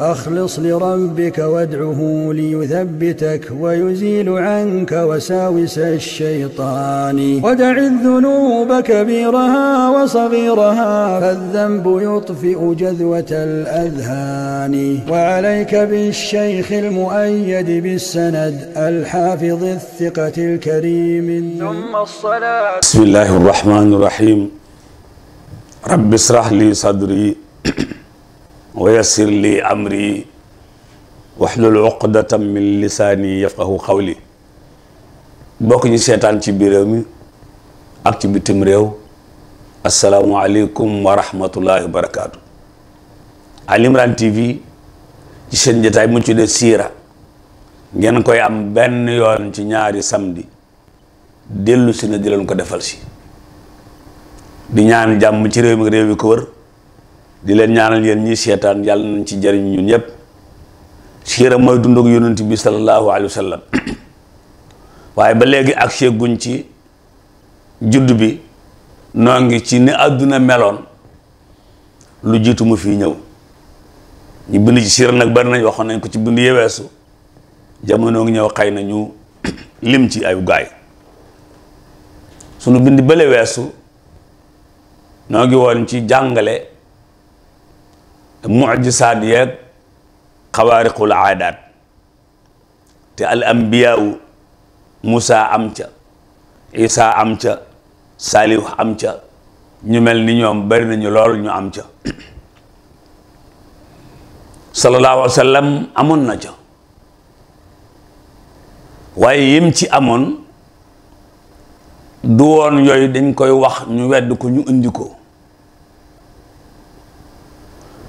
أخلص لربك وادعه ليثبتك ويزيل عنك وساوس الشيطان ودع الذنوب كبيرها وصغيرها فالذنب يطفئ جذوة الأذهان وعليك بالشيخ المؤيد بالسند الحافظ الثقة الكريم ثم الصلاة بسم الله الرحمن الرحيم رب اشرح لي صدري wa li amri waxlul uqdatam min lisaani yafqahu qawli bokk ñu seetaan ci biir réew mi ak ci bitim réew asalaamualeykum wa rahmatullahi wa barakaatu Ali TV ci seen jotaay mu ci de siira ngeen koy am benn yoon ci ñaari samedi dellu si na di ko defal si di ñaan jàmm ci réew mi réew mi ko di leen ñaanal yéen ñi seetaan yàlla nañ ci jariñ ñun ñëpp siiram mooy dund ak yonent bi sallallahu alayhi wa waaye ba léegi ak guñ ci judd bi noo ngi ci ni àdduna meloon lu jiitu mu fii ñëw ñu bind ci siira nag bari nañ waxoon nañ ko ci bind yeweesu jamono ngi ñëw xëy na ñu lim ci ayu gaay sunu bind bële weesu noo ngi woon ci jàngale mujisaat yeeg xawaariqul aadaat te al ambiyaau musa am ca Isa am ca Salihu am ca ñu mel ni ñoom bari nañu lool ñu am ca sallallahu alayhi wa sallam amoon na ca waaye yim ci amoon du woon yooyu dañ koy wax ñu wedd ko ñu indi ko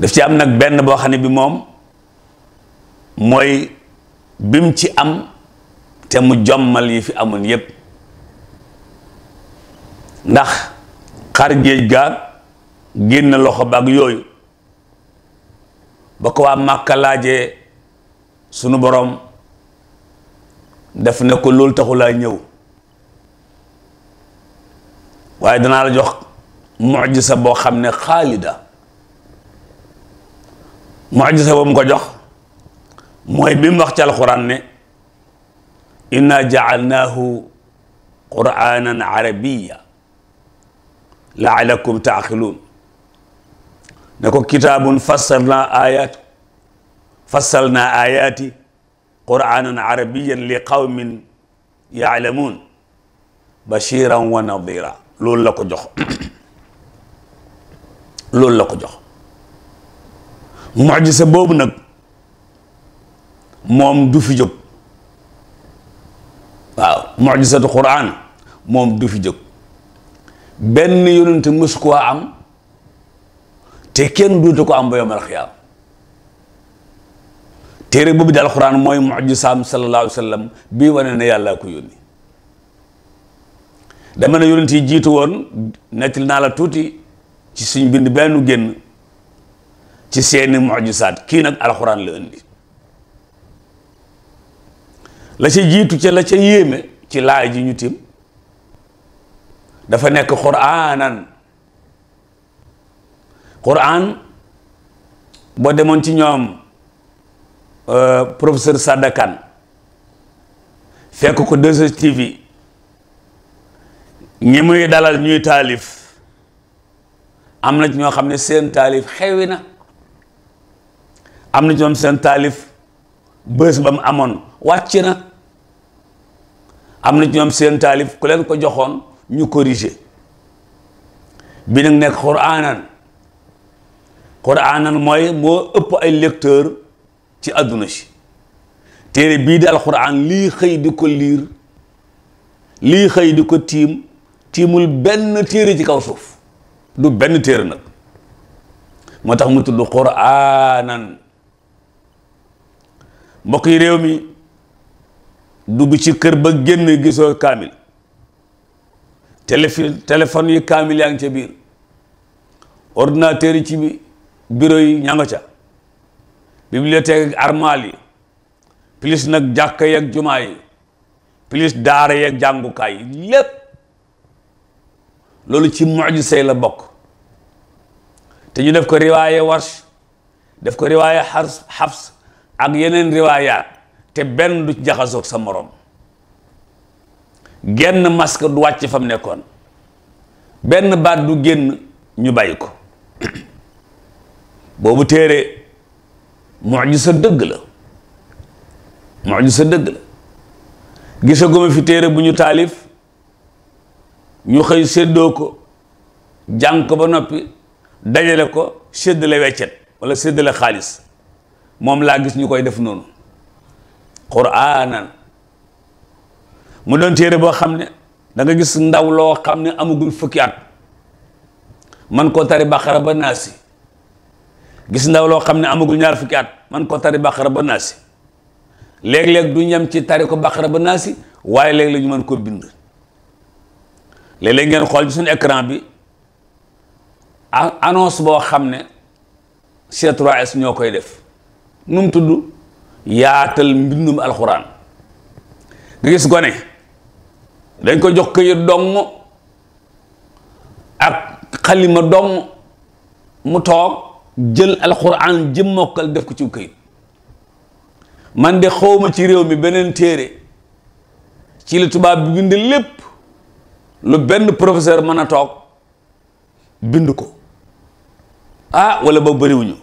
daf ci am nag benn boo xam ne bi moom mooy bim ci am te mu jommal yi fi amoon yépp ndax xar géej gaag génn loxo baag yooyu ba ko waa Màkka laajee sunu borom def ne ko lool taxulaa ñëw waaye danaa la jox mujisa boo xam ne xaalida mucjisa ba mu ko jox mooy bi mu wax ci alquran ne inna jacalnaahu quraanan arabiya laalakum taaqiluun ne ko kitaabun fassalnaa ayaat fassalnaa ayaati quraanan arabiyan li qawmin yaalamuun bashiran wa nadira loolu la ko jox la ko jox mujisa boobu nag moom du fi jóg waaw mujisatu quran moom dufi fi jóg benn yonente mës koo am te kenn duutu ko am ba yowmal xiyaam téere boobu daal quran mooy mujisaam sallallahu alayhi wa sallam bii wane na yàllaa ko yónni dama ne yonent yi jiitu woon nettali naa la tuuti ci suñ bind benn génn ci seeni mujisaat kii nag alxuraan la indi la ca jiitu ca la ca yéeme ci laay ji ñu tim dafa nekk quraanan quraan boo demoon ci ñoom euh, professeur Sadakan fekk ko 2STV ñi muy dalal ñuy taalif am na ñoo xam ne seen taalif xewi na am na ñoom seen taalif bës ba mu amoon wàcc na am na ñoom seen taalif ku ko joxoon ñu corriger bi nag nekk quraanan quraanan mooy moo ëpp ay lekteur ci àdduna si téere bii daal quraan lii xëy di ko liir lii xëy di ko tiim tiimul benn téere ci kaw suuf du benn téere nag moo tax mu tudd quraanan mbokk yi réew mi dugg ci kër ba génn gisoo kaamil téléphone téléphone yi kaamil yaa ngi ca biir ordinateur yi ci bureau yi ña ca bibliothèque ak armal yi plus nag jàkka yi ak jumaa yi plus daar yi ak jàngukaay yi lépp loolu ci mujisay la bokk te ñu def ko riwaaye warsh def ko riwaaye xars xafs ak yeneen riwaayaat te benn du jaxasoog sa moroom genn masque du wàcc fa nekkoon benn baat du génn ñu bàyyi ko boobu téere mujisa dëgg la mujisa dëgg la gisaguma fi téere bu ñu taalif ñu xëy seddoo ko jàng ba noppi dajale ko seddale weccet wala seddale xaalis moom laa gis ñu koy def noonu quraanan mu doon téere boo xam ne danga gis ndaw loo xam ne amagul fukki at man koo tari baqara ba naasi gis ndaw loo xam ne amagul ñaar fukki at koo tari baqara ba naasi léeg-léeg du ñam ci tari ko baqara ba naasi waaye léeg-léeg ñu mën ko bind léeg ngeen xool ci suñu écran bi annonce boo xam ne c 3 ñoo koy def num tudd yaatal mbindum alxuraan nga gis gone dañ ko jox këyit dong ak xalima dong mu toog jël alxuraan jëm mokkal def ko ci këyit man de xawma ci réew mi beneen téere ci li tubaab bi bind lépp lu benn professeur mën a toog bind ko ah walla ba bëriwuñu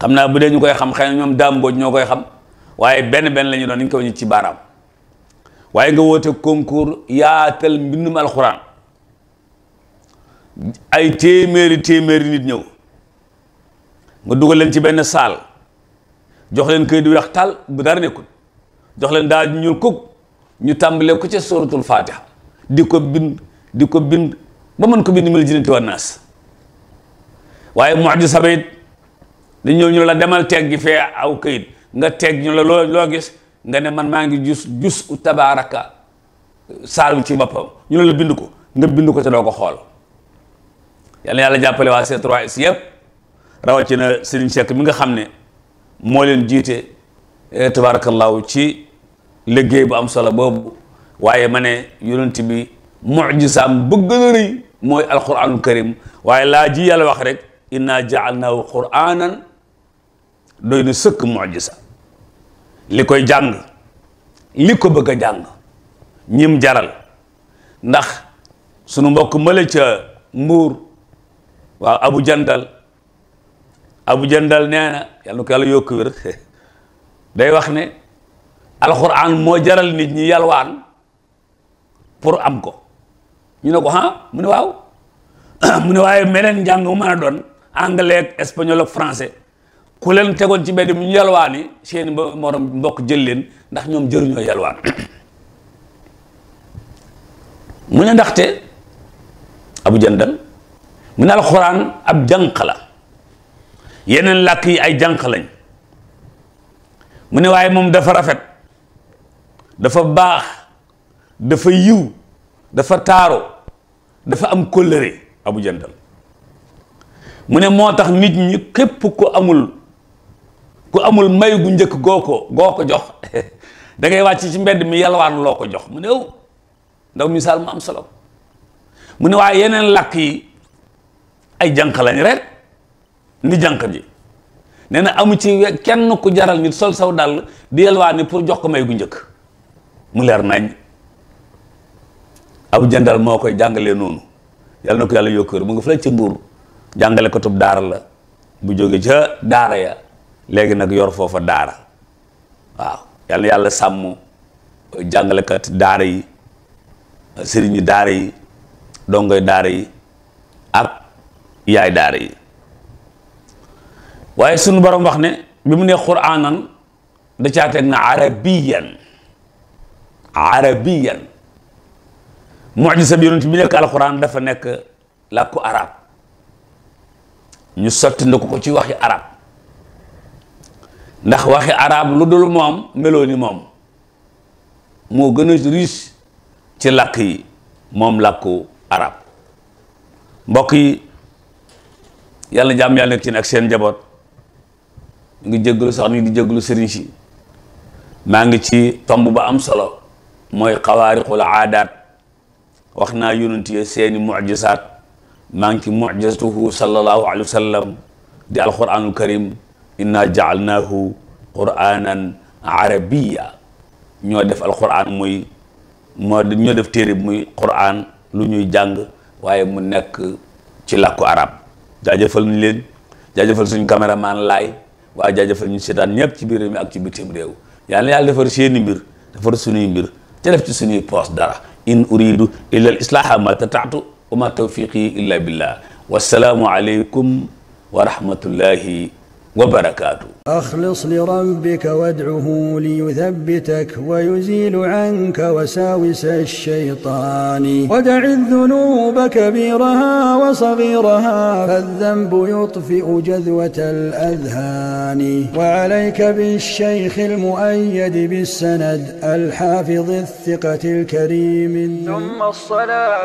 xam naa bu dee ñu koy xam xëy na ñoom ñoo koy xam waaye benn benn la ñu doon nañ ko ñu ci baaraam waaye nga woote concours yaatal mbindum alxuraan ay téeméeri téeméeri nit ñëw nga dugal leen ci benn saal jox leen këyit di weex taal bu dara nekkul jox leen daa ñuur kuk ñu tàmbalee ko ca suratul fatiha di ko bind di ko bind ba mën ko bind mel jinati naas waaye muhaddisa ba dañ ñëw la demal teg gi fee aw kayit nga teg ñu la loo gis nga ne man maa ngi jus jus u tabaaraka saar bi ci boppam ñu la bind ko nga bind ko te doo ko xool yàlla yàlla jàppale waa C3S yëpp rawatina mi nga xam ne moo leen jiite eh, tabaarakallaahu ci liggéey bu am solo boobu waaye ma ne yonent bi mucjisaam bu gën a rëy karim waaye laa ji yàlla wax rek inna jaalnaahu quraanan doy na sëkk mujisa li koy jàng li ko bëgg a jàng ñim jaral ndax sunu mbokk mële ca mbuur waaw abu jandal abu jandal nee na yàlla ko yàlla yokk wér day wax ne alxuraan moo jaral nit ñi yalwaan pour am ko ñu ne ko ah mu ne waaw mu ne waaye meneen njàng mu mën a doon anglais espagnol français ku leen tegoon ci mbedd mu ñu yalwaani seen moo mbokk jël leen ndax ñoom jëruñoo yalwaan mu ne ndaxte abu jandal mu ne alxuraan ab jànq la yeneen làkk yi ay jànq lañ mu ne waaye moom dafa rafet dafa baax dafa yiw dafa taaro dafa am kóllëre abu jandal mu ne moo tax nit ñi képp ko amul ku amul may gu njëkk goo ko goo ko jox da ngay wàcc ci mbedd mi yalwaan loo ko jox mu ne ndaw misaal mu am solo mu ne waaye yeneen lakk yi ay janq lañ rek ni janq ji nee na amu ci kenn ku jaral nit sol saw dàll di yalwaani pour jox ko may gu njëkk mu leer nañ ab jandal moo koy jàngalee noonu yàlla na ko yàlla yokkër mu nga fële ca mbuur jàngale ko tub daara la bu jóge ca daara ya léegi nag yor foofa daara waaw yal na yàlla sàmm jàngalekat daara yi sëriñi daara yi dongoy daara yi ak yaay daara yi waaye sunu borom wax ne bi mu ne quraanan da caa teg na arabiyan arabiyan mujisa bi yonent bi nekk alquran dafa nekk làkku arab ñu sotti na ko ko ci waxi arab ndax waxi arab lu dul moom meloo ni moom moo gën a riche ci làkk yi moom làkku arab mbokk yi yàlla jàmm yàlla nekk ci ak seen njaboot ngi jégalu sax ni di jégalu sëriñ si maa ngi ci tomb ba am solo mooy xawaariqul aadaat wax naa yonent yi seeni mujisaat maa ngi ci mujisatuhu sallallahu alayhi wa sallam di alquranul karim inna jaalnaahu quraanan arabiya ñoo def alquran muy moo ñoo def téere bi muy quran lu ñuy jàng waaye mu nekk ci làkku arab jaajëfal ñu leen jaajëfal suñu caméraman laay waaye jaajëfal ñu seetaan ñëpp ci biir mi ak ci bitim réew yàlla na yàlla defar seeni mbir defar suñuy mbir te def ci suñuy poos dara in uridu illa islaha ma tataatu wa ma tawfiqi illa billah wassalaamu aleykum wa rahmatullahi وبركاته أخلص لربك وادعه ليثبتك ويزيل عنك وساوس الشيطان ودع الذنوب كبيرها وصغيرها فالذنب يطفئ جذوة الأذهان وعليك بالشيخ المؤيد بالسند الحافظ الثقة الكريم ثم الصلاة